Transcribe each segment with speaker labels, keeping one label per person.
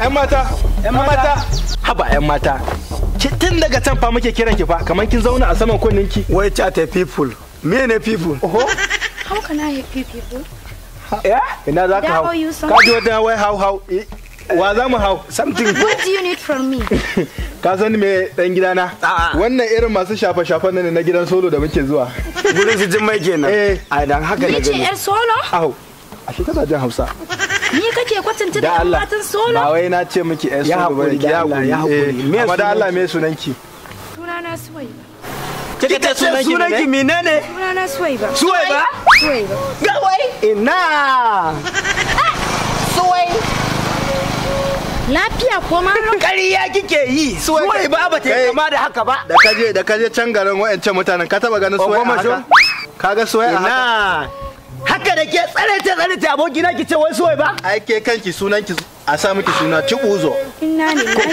Speaker 1: 'yan mata 'yan mata haba 'yan mata tun daga can fa muke kiran ki fa kamar kin zauna a saman kunnen ki wai chat people me ne people oho
Speaker 2: how can i help people yeah
Speaker 1: ina za ka hau ka ji wata wai hau hau wa za mu hau something what do
Speaker 2: you need from me
Speaker 1: ka san me dan gidana wannan irin masu shafa shafa ne na gidan solo da muke zuwa gurin su jin mai kenan eh a dan haka na gani ni ce solo au a shi kana jin Hausa ni kake kwatanta da matan solo ba wai na ce miki yan solo ba ki hakuri ya hakuri eh, amma da Allah me sunan ki sunana suwaiba
Speaker 2: kike ta sunan ki sunan ki menene
Speaker 1: sunana suwaiba suwaiba suwaiba ga wai ina suwai lafiya ko ma ƙarya kike yi suwai ba ba ta yi eh. kama da haka ba da kaje da kaje can garin wa'ancan mutanen ka taba ganin suwai ka ga suwai a haka haka da ke tsarece tsarece abokina ki ce wai suwai ba ai ke kanki sunan ki a sa miki suna cibuzo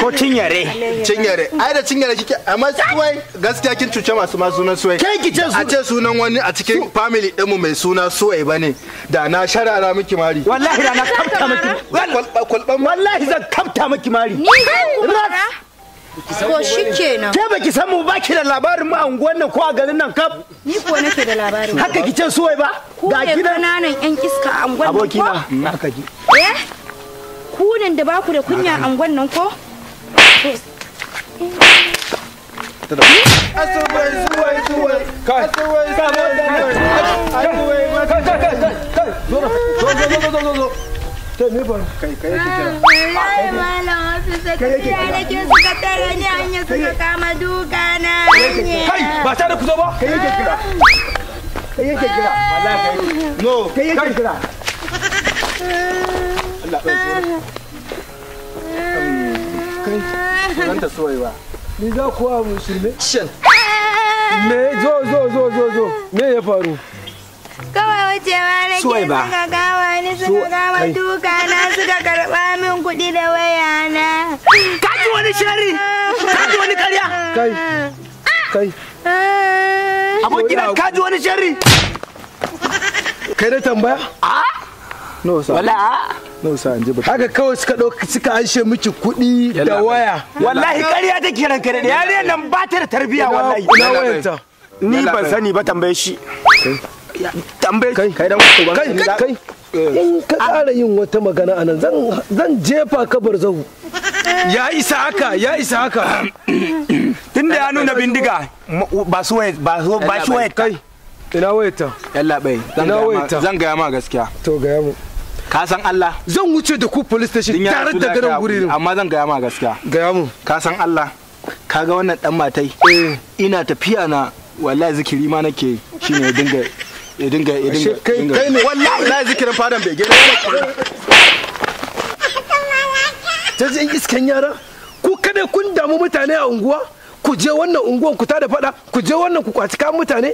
Speaker 1: ko cinyare cinyare ai da cinyare kike amma suwai gaskiya kin cuce masu ma sunan suwai kai ki ce a ce sunan wani a cikin family din mu mai suna suwai bane da na sharara miki mari wallahi da na kamta miki wallahi zan kamta miki mari Ko shi kenan. Ke baki san mu baki da labarin mu a unguwar nan ko a garin nan kaf. Ni ko nake da labarin. Haka ki ce suwai ba? Ga gidan nan yan iska a unguwar nan ko. Aboki na ka ji. Eh? Ku nan da baku da kunya a unguwar nan ko? Asuwai suwai suwai. Kai. Asuwai suwai suwai. Asuwai. Kai kai kai kai. ka ka ka zo to me ba kai kai yake kira
Speaker 2: wallahi ni kama duka na ba ta da ba kai yake kira
Speaker 1: kai kai no kai Allah
Speaker 2: ta ni za musulmi shin me zo zo zo zo zo me ya faru
Speaker 1: cewa na ke suka kawo ni suka kawo duka na suka karɓa min kuɗi da waya na. Kaji wani shari, kaji wani karya.
Speaker 2: Kai, kai.
Speaker 1: Abokin ka kaji wani shari.
Speaker 2: Kai da tambaya? A? No sa. Wala a? No sa an ji Haka kawai suka ɗauka suka anshe miki kuɗi da waya. Wallahi ƙarya take ranka da yariyar nan ba ta da tarbiyya wallahi. Ina wayanta. Ni ban sani ba tambaye shi. tambaye kai kai dan uban kai kai in ka ƙara yin wata magana anan zan jefa ka barzahu
Speaker 1: ya isa haka ya isa haka tunda ya nuna bindiga ba su ba su ba shi waye kai ina waye ta yalla bai ina waye ta zan ga ma gaskiya to ga mu ka san Allah zan wuce da ku police station tare da garin gurin amma zan ga ma gaskiya ga mu ka san Allah kaga wannan dan matai eh. ina tafiya na wallahi zikiri ma nake shine dinga ya dinga ya dinga kai ne wallahi na
Speaker 2: zikirin fadan bai gina ta ji iskan yara ku kada kun damu mutane a unguwa ku je wannan unguwan ku tada fada ku je wannan ku kwaci kan mutane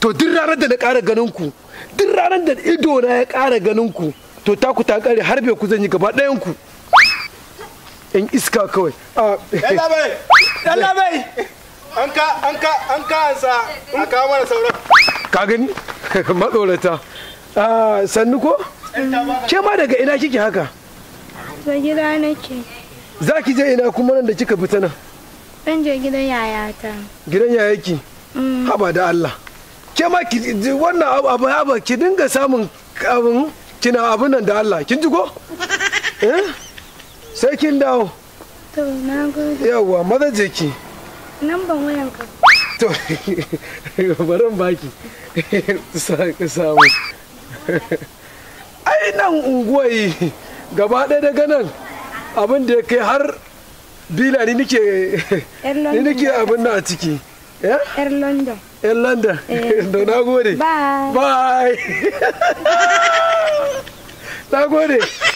Speaker 2: to duk ranar da na ƙara ganin ku duk ranar da ido na ya ƙara ganin ku to ta ku ta ƙare har bai ku zan yi gaba ɗayan ku in iska kawai yalla bai
Speaker 1: yalla an ka an ka an ka ansa an kawo mana sauran
Speaker 2: ka gani matsorata ah, sannu ko ke ma daga ina kike haka
Speaker 1: Da gida nake
Speaker 2: za ki je ina kuma nan da kika fita nan
Speaker 1: zan je gidan yayata
Speaker 2: gidan yayaki mm. haba da Allah ke ma ki wannan abu haba ki dinga samun abin kina abin nan da Allah kin ji ko eh? sai kin dawo to na gode yawa maza je ki nan ban wayan ka to barin baki samu ai nan unguwai gaba ɗaya daga nan abin da ya kai har bila ni nike ni nike abin na ciki eh? yar london yar london da eh. na gode bye bye na gode